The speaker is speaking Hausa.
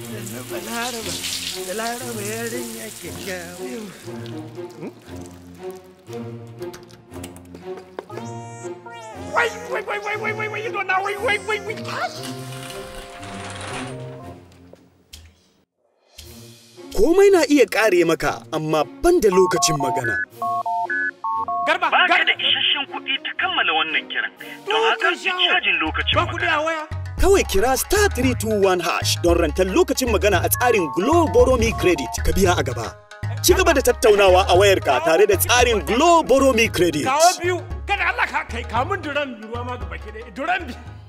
Komai na iya ƙare maka, amma ban da lokacin magana. Garba, ba ka da isasshen kuɗi ta kammala wannan kiran, don haka cajin lokacin magana. Ba ku a waya. Kawai kira star 321 hash don rantar lokacin magana a tsarin Globoromi Credit ka biya a gaba. Ci gaba da tattaunawa a wayarka tare da tsarin Globoromi Borrow Me Credit. Kawo biyu, kada Allah ka kai kamun duran ruwa ma gaba ke duran biyu.